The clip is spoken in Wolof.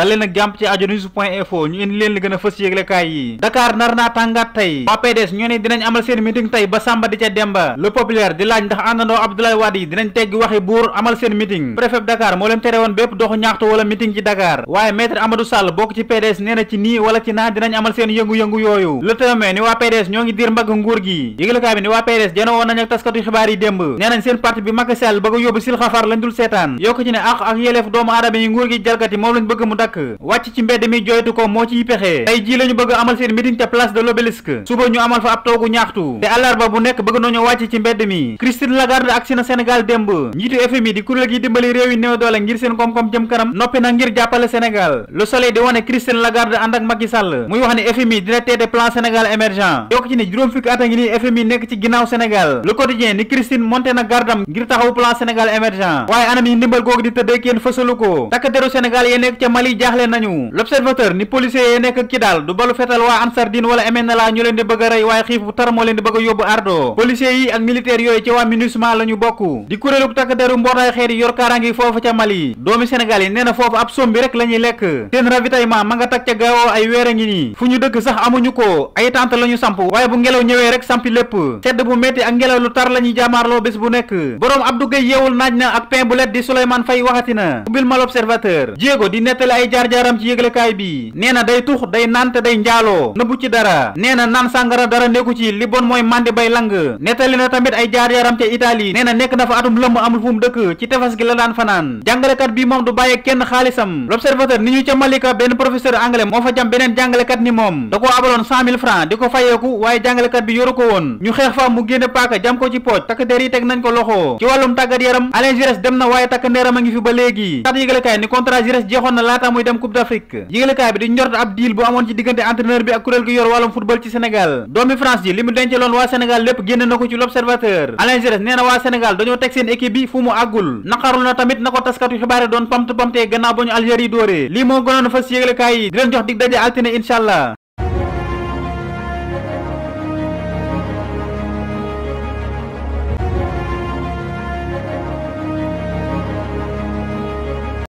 dalee nag ci ajo news point info ñu indi leen li gën a fës yëglekaay yi Dakar nar naa tàngaat tey waa PDS ñoo ne dinañ amal seen meeting tey ba Samba di ca Demba le populaire di laaj ndax àndandoo Abdoulaye Wade yi dinañ teggi waxi buur amal seen meeting préfet Dakar moo leen tere woon bépp doxu ñaxtu wala meeting ci Dakar waaye maître Amadou Sall bokk ci PDS nee ci nii wala ci naa dinañ amal seen yëngu-yëngu yooyu le témoin ni waa tàkk wàcc ci mbedd mi joytu ko moo ciy pexe tey jii la bëgg amal seen meeting ca place de l'obélisque suba ñu amal fa ab toogu ñaxtu te àllarba bu nekk bëgg nañoo wàcc ci mbedd mi Christine Lagarde agsi na Sénégal démb njiitu FMI di kuréel gi dimbali réew yi néew doole ngir seen koom-koom jëm kanam noppi na ngir jàppale Sénégal Le Soleil di wane Christine Lagarde ànd ak Macky Sall muy wax ne FMI dina plan Sénégal émergent yokk ci ne juróom jaaxle nañu l'observateur ni policiers yi nekk Kidal du balu fetal waa Ansardine wala MNLA ñu leen di bëgg a rey waaye xiif bu tar moo leen di bëgg a yóbbu ardo policiers yi ak militaires yooyu ci waa MINUSMA la bokk di kuréelu takk deru mbootaay xeet yi yor kaaraangi foofu ca Mali doomi Sénégal yi nee na ab som bi rek lekk seen ravitaillement ma nga tag ca gaawoo ay weer a ngi nii fu ñu dëkk sax amuñu ko ay tànt la ñu samp waaye bu ngelaw ñëwee na ak pain ay jaar-jaaram ci yëglekaay bi nee na day tux day naan te day njaaloo nëbbu ci dara nee naan sàngara dara nekku ci li bon mooy màndi bay lang nettali na tamit ay jaar-jaaram ca Italie nee nekk na fa atum lëmm amul fu dëkk ci tefes gi la daan fanaan jàngalekat bi moom du bàyyee kenn xaalisam l'observateur ni ñu ca Malika benn professeur anglais moo fa jam beneen jàngalekat ni moom da koo abaloon cent mille francs di ko fayeeku waaye jàngalekat a muy dem coupe d'Afrique yëglekaay bi di njort ab deal bu amoon ci diggante entraîneur bi ak kuréel gi yor wàllum football ci Sénégal doomi France ji li mu denceloon waa Sénégal lépp génn na ko ci l'Observateur Alain Giresse waa Sénégal dañoo teg seen équipe bi fu mu àggul naqarul na tamit na ko taskatu xibaare doon pamt pamtee gannaaw ba Algérie dóoree lii moo gënoon fas yëglekaay yi di jox dig daje altine incha allah